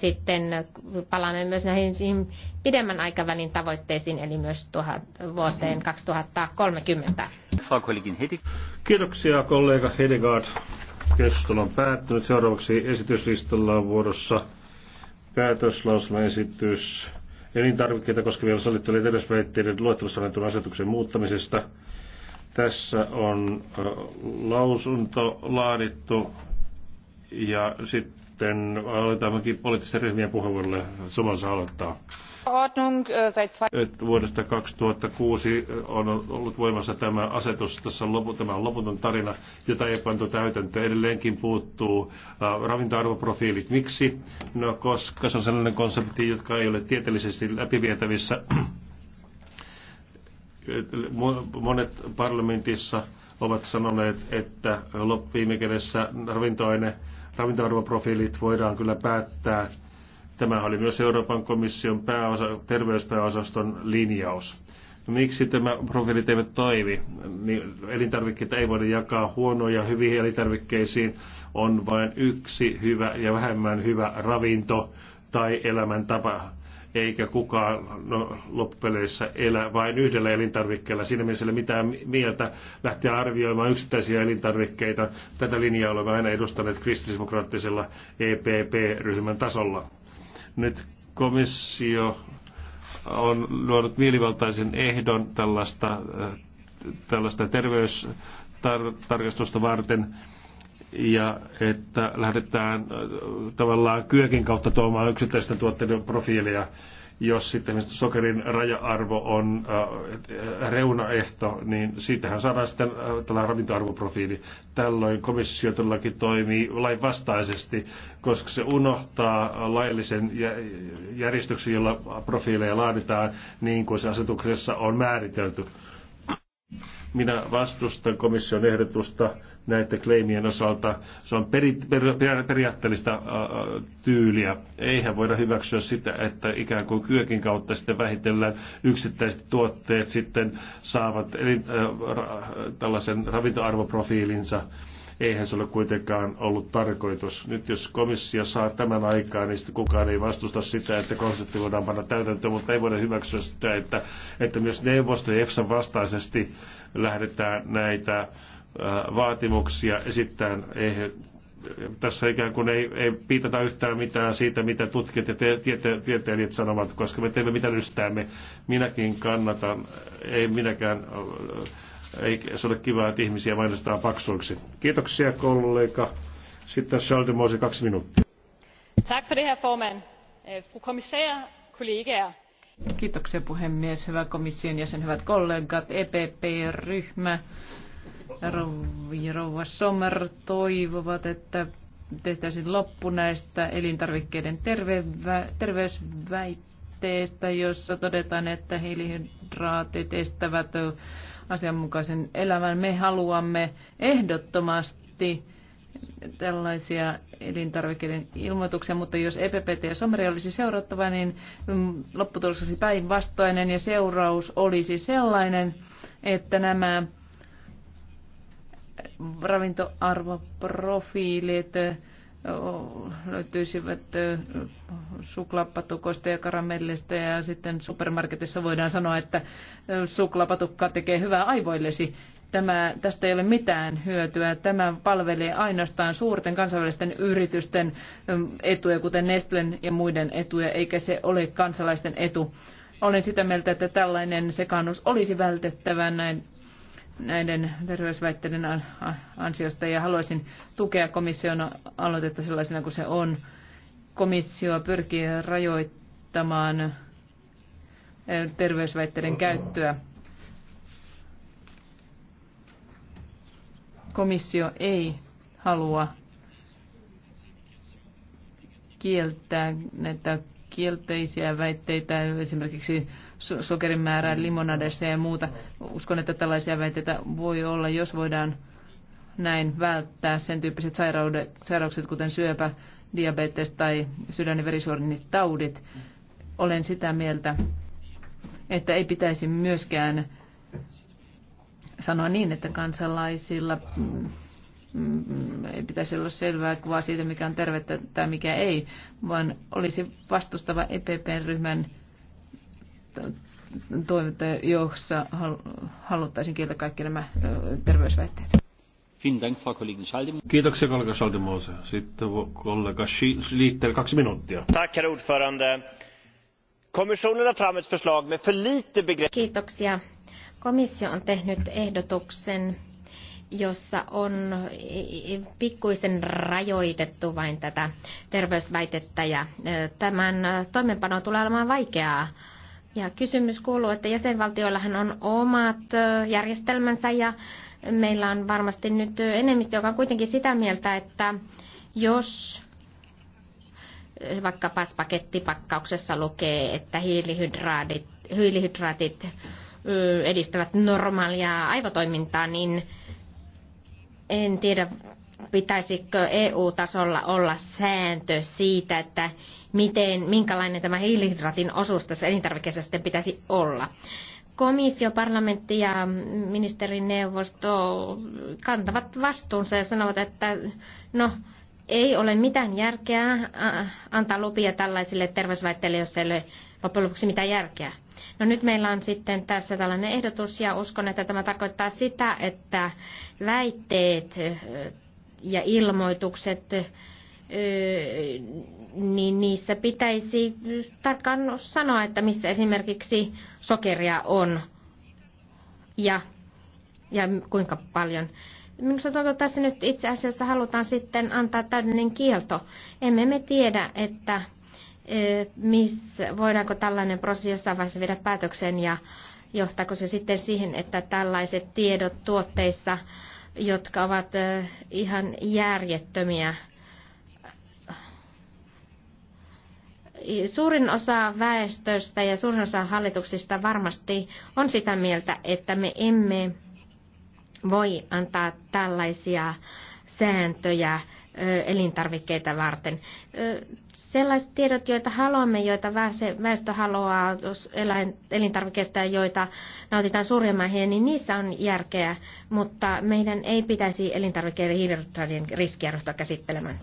sitten palaamme myös näihin pidemmän aikavälin tavoitteisiin, eli myös tuohon vuoteen 2030. Kiitoksia kollega Hedegaard. Keskustelu on päättynyt. Seuraavaksi esityslistalla on vuorossa päätöslauselmaesitys elintarvikkeita koskevien sallittujen terveysväitteiden luettelossa annetun asetuksen muuttamisesta. Tässä on lausunto laadittu ja sitten sitten aloitammekin poliittisten ryhmien puheenvuorolle. Sumansa aloittaa. Äh, vuodesta 2006 äh, on ollut voimassa tämä asetus, tässä on lopu, tämä on loputon tarina, jota ei pantu täytäntö. Edelleenkin puuttuu äh, ravintoarvoprofiilit. Miksi? No, koska se on sellainen konsepti, joka ei ole tieteellisesti läpivietävissä. Monet parlamentissa ovat sanoneet, että viime kädessä ravintoaine ravintoarvoprofiilit voidaan kyllä päättää. Tämä oli myös Euroopan komission pääosa, terveyspääosaston linjaus. No, miksi tämä profiilit eivät toimi? Niin elintarvikkeita ei voida jakaa huonoja hyviin elintarvikkeisiin. On vain yksi hyvä ja vähemmän hyvä ravinto tai elämäntapa eikä kukaan no, loppupeleissä elä vain yhdellä elintarvikkeella. Siinä mielessä ei ole mitään mieltä lähteä arvioimaan yksittäisiä elintarvikkeita. Tätä linjaa olemme aina edustaneet kristillisdemokraattisella EPP-ryhmän tasolla. Nyt komissio on luonut mielivaltaisen ehdon tällaista, äh, tällaista terveystarkastusta varten ja että lähdetään äh, tavallaan kyökin kautta tuomaan yksittäisten tuotteiden profiilia, jos sitten sokerin raja-arvo on äh, äh, reunaehto, niin siitähän saadaan sitten tällainen ravintoarvoprofiili. Tällöin komissio todellakin toimii lainvastaisesti, vastaisesti, koska se unohtaa laillisen järjestyksen, jolla profiileja laaditaan, niin kuin se asetuksessa on määritelty. Minä vastustan komission ehdotusta näiden kleimien osalta. Se on peri, per, per, periaatteellista ää, tyyliä. Eihän voida hyväksyä sitä, että ikään kuin kyökin kautta sitten vähitellen yksittäiset tuotteet sitten saavat eli, ää, ra, tällaisen ravintoarvoprofiilinsa. Eihän se ole kuitenkaan ollut tarkoitus. Nyt jos komissio saa tämän aikaan, niin sitten kukaan ei vastusta sitä, että konsepti voidaan panna täytäntöön, mutta ei voida hyväksyä sitä, että, että myös neuvosto ja EFSA vastaisesti lähdetään näitä äh, vaatimuksia esittämään. tässä ikään kuin ei, ei piitata yhtään mitään siitä, mitä tutkijat ja tiete, tieteilijät sanovat, koska me teemme mitä lystäämme. Minäkin kannatan, ei minäkään ei se ole kiva, että ihmisiä mainostetaan paksuiksi. Kiitoksia kollega. Sitten Charles de kaksi minuuttia. Tack för det här formen, eh, Fru kommissär, kollegaer. Kiitoksia puhemies, hyvä komission jäsen, hyvät kollegat, EPP-ryhmä. Rouva Sommer toivovat, että tehtäisiin loppu näistä elintarvikkeiden terve, terveysväitteistä, jossa todetaan, että hiilihydraatit estävät asianmukaisen elämän. Me haluamme ehdottomasti tällaisia elintarvikkeiden ilmoituksia, mutta jos EPPT ja Someri olisi seurattava, niin mm, lopputulos olisi päinvastainen ja seuraus olisi sellainen, että nämä ravintoarvoprofiilit löytyisivät suklaapatukoista ja karamellista ja sitten supermarketissa voidaan sanoa, että suklaapatukka tekee hyvää aivoillesi. Tämä, tästä ei ole mitään hyötyä. Tämä palvelee ainoastaan suurten kansainvälisten yritysten etuja, kuten Nestlen ja muiden etuja, eikä se ole kansalaisten etu. Olen sitä mieltä, että tällainen sekaannus olisi vältettävä näin näiden terveysväitteiden ansiosta ja haluaisin tukea komission aloitetta sellaisena kuin se on. Komissio pyrkii rajoittamaan terveysväitteiden käyttöä. Komissio ei halua kieltää näitä kielteisiä väitteitä esimerkiksi sokerin määrää limonadeissa ja muuta. Uskon, että tällaisia väitteitä voi olla, jos voidaan näin välttää sen tyyppiset sairaudet, sairaukset, kuten syöpä, diabetes tai sydän- ja Olen sitä mieltä, että ei pitäisi myöskään sanoa niin, että kansalaisilla Mm, pitäisi olla selvää kuvaa siitä, mikä on tervettä tai mikä ei, vaan olisi vastustava EPP-ryhmän toiminta, jossa haluttaisiin kieltää kaikki nämä terveysväitteet. Kiitoksia kollega Schaldemose. Sitten kollega Schlitter, kaksi minuuttia. Tack, herr förslag med för begrepp. Kiitoksia. Komissio on tehnyt ehdotuksen jossa on pikkuisen rajoitettu vain tätä terveysväitettä ja tämän toimenpano tulee olemaan vaikeaa. Ja kysymys kuuluu, että jäsenvaltioillahan on omat järjestelmänsä ja meillä on varmasti nyt enemmistö, joka on kuitenkin sitä mieltä, että jos vaikkapa pakettipakkauksessa lukee, että hiilihydraatit, hiilihydraatit edistävät normaalia aivotoimintaa, niin en tiedä, pitäisikö EU-tasolla olla sääntö siitä, että miten, minkälainen tämä hiilihydraatin osuus tässä elintarvikkeessa sitten pitäisi olla. Komissio, parlamentti ja ministerineuvosto kantavat vastuunsa ja sanovat, että no, ei ole mitään järkeä äh, antaa lupia tällaisille terveysväitteille, jos ei ole loppujen lopuksi mitään järkeä. No nyt meillä on sitten tässä tällainen ehdotus ja uskon, että tämä tarkoittaa sitä, että väitteet ja ilmoitukset, niin niissä pitäisi tarkkaan sanoa, että missä esimerkiksi sokeria on ja, ja kuinka paljon. Minusta tuntuu, tässä nyt itse asiassa halutaan sitten antaa täydellinen kielto. Emme me tiedä, että missä, voidaanko tällainen prosessi jossain vaiheessa viedä päätökseen ja johtaako se sitten siihen, että tällaiset tiedot tuotteissa, jotka ovat ihan järjettömiä, Suurin osa väestöstä ja suurin osa hallituksista varmasti on sitä mieltä, että me emme voi antaa tällaisia sääntöjä elintarvikkeita varten. Sellaiset tiedot, joita haluamme, joita väestö haluaa elintarvikkeista ja joita nautitaan suurimman niin niissä on järkeä, mutta meidän ei pitäisi elintarvikkeiden hiiliratien riskiä ryhtyä käsittelemään.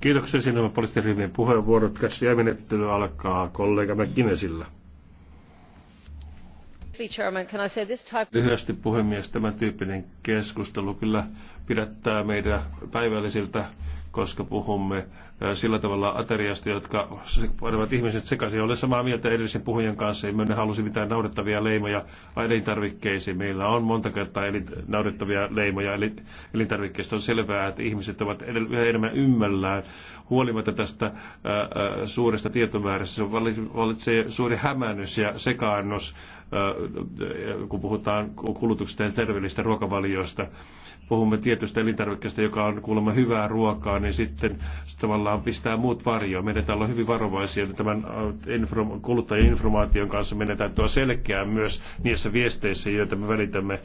Kiitoksia sinne puheenvuorot. Käsiä menettely alkaa kollega McGinnesillä. Lyhyesti puhemies, tämän tyyppinen keskustelu kyllä pidättää meidän päivällisiltä, koska puhumme sillä tavalla ateriasta, jotka panevat ihmiset sekaisin. Olen samaa mieltä edellisen puhujan kanssa, emme halusi mitään naurettavia leimoja elintarvikkeisiin. Meillä on monta kertaa elin, naurettavia leimoja elintarvikkeista. On selvää, että ihmiset ovat yhä enemmän ymmällään huolimatta tästä ää, suuresta tietomäärästä. Se valitsee suuri hämännys ja sekaannus kun puhutaan kulutuksesta ja terveellisistä ruokavalioista. Puhumme tietystä elintarvikkeesta, joka on kuulemma hyvää ruokaa, niin sitten tavallaan pistää muut varjoon. Meidän täällä on hyvin varovaisia tämän informaation kanssa. Meidän täytyy olla selkeää myös niissä viesteissä, joita me välitämme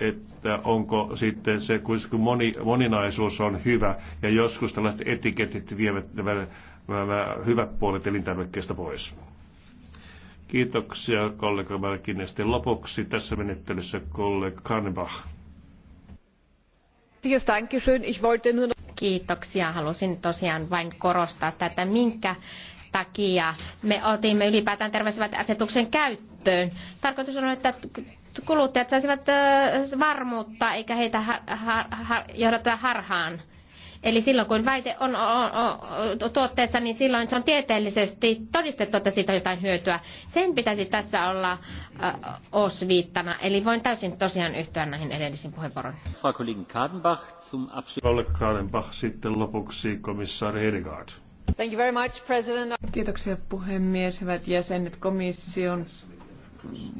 että onko sitten se, kun moni, moninaisuus on hyvä ja joskus tällaiset etiketit vievät nämä hyvät puolet elintarvikkeesta pois. Kiitoksia kollega ja Sitten lopuksi tässä menettelyssä kollega Kanbach. Kiitoksia. Halusin tosiaan vain korostaa sitä, että minkä takia me otimme ylipäätään terveysvät asetuksen käyttöön. Tarkoitus on, että kuluttajat saisivat varmuutta eikä heitä har- johdata harhaan. Eli silloin kun väite on tuotteessa, niin silloin se on tieteellisesti todistettu, että siitä on jotain hyötyä. Sen pitäisi tässä olla osviittana. Eli voin täysin tosiaan yhtyä näihin edellisiin puheenvuoroihin. Kollega Kadenbach sitten lopuksi komissaari Hedegaard. Thank you very much, President. Kiitoksia puhemies, hyvät jäsenet, komission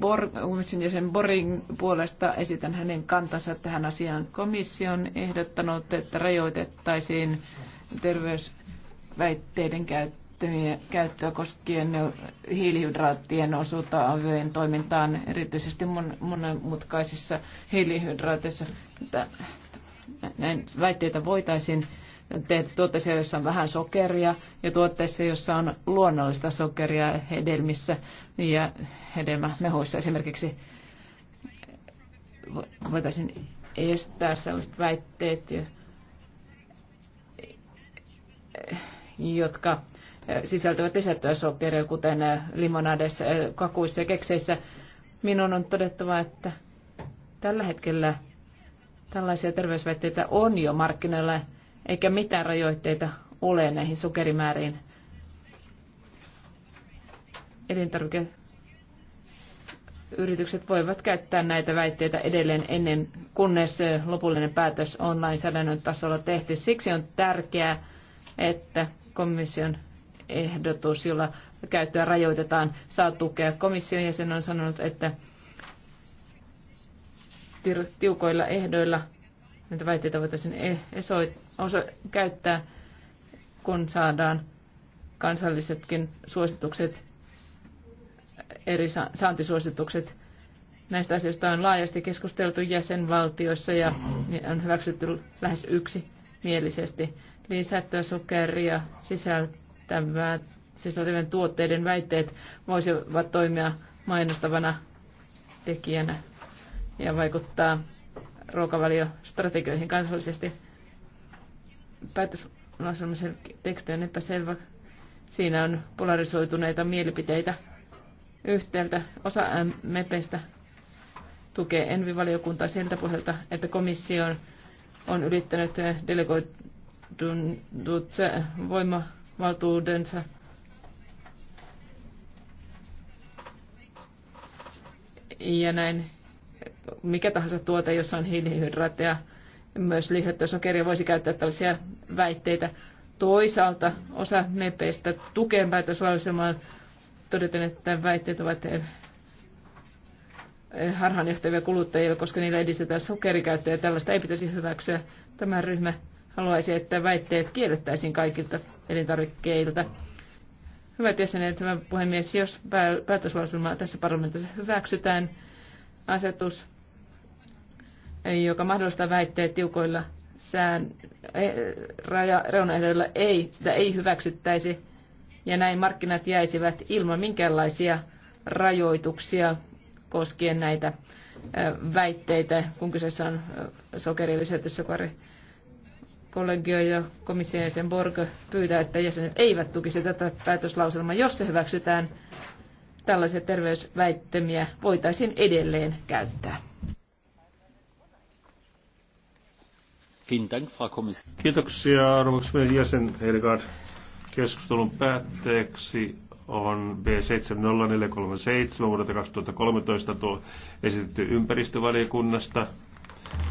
Bor, komission jäsen Borin puolesta esitän hänen kantansa tähän asiaan. Komissio on ehdottanut, että rajoitettaisiin terveysväitteiden käyttöä koskien hiilihydraattien osuutta aviojen toimintaan, erityisesti monenmutkaisissa hiilihydraateissa. Näin väitteitä voitaisiin tuotteisia, joissa on vähän sokeria ja tuotteissa, joissa on luonnollista sokeria hedelmissä ja hedelmämehuissa esimerkiksi. Voitaisiin estää sellaiset väitteet, jotka sisältävät lisättyä sokeria, kuten limonadeissa, kakuissa ja kekseissä. Minun on todettava, että tällä hetkellä tällaisia terveysväitteitä on jo markkinoilla eikä mitään rajoitteita ole näihin sokerimääriin. Elintarvikeyritykset yritykset voivat käyttää näitä väitteitä edelleen ennen kunnes lopullinen päätös on lainsäädännön tasolla tehty. Siksi on tärkeää, että komission ehdotus, jolla käyttöä rajoitetaan, saa tukea. Komission jäsen on sanonut, että tiukoilla ehdoilla näitä väitteitä voitaisiin e- e- käyttää, kun saadaan kansallisetkin suositukset, eri saantisuositukset. Näistä asioista on laajasti keskusteltu jäsenvaltioissa ja on hyväksytty lähes yksi mielisesti lisättyä sokeria sisältävää, sisältävien tuotteiden väitteet voisivat toimia mainostavana tekijänä ja vaikuttaa ruokavaliostrategioihin kansallisesti päätöslauselmisen teksti on epäselvä. Siinä on polarisoituneita mielipiteitä yhteeltä Osa MEPestä tukee Envivaliokuntaa siltä pohjalta, että komissio on ylittänyt delegoitunut voimavaltuudensa ja näin mikä tahansa tuote, jossa on hiilihydraatteja, myös lisättyä sokeria voisi käyttää tällaisia väitteitä. Toisaalta osa mepeistä tukeen päätöslauselmaan todeten, että väitteet ovat eh, eh, harhaanjohtavia kuluttajille, koska niillä edistetään sokerikäyttöä ja tällaista ei pitäisi hyväksyä. Tämä ryhmä haluaisi, että väitteet kiellettäisiin kaikilta elintarvikkeilta. Hyvät jäsenet, hyvä puhemies, jos päätöslauselma tässä parlamentissa hyväksytään, asetus joka mahdollistaa väitteet tiukoilla sään eh, raja, reunaehdoilla ei, sitä ei hyväksyttäisi ja näin markkinat jäisivät ilman minkäänlaisia rajoituksia koskien näitä eh, väitteitä, kun kyseessä on eh, sokerilliset sokari. Kollegio ja komission jäsen Borg pyytää, että jäsenet eivät tukisi tätä päätöslauselmaa. Jos se hyväksytään, tällaisia terveysväittämiä voitaisiin edelleen käyttää. Kiitoksia arvoksi jäsen Helgaard. Keskustelun päätteeksi on B70437 vuodelta 2013 esitetty ympäristövaliokunnasta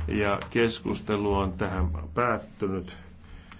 ja keskustelu on tähän päättynyt.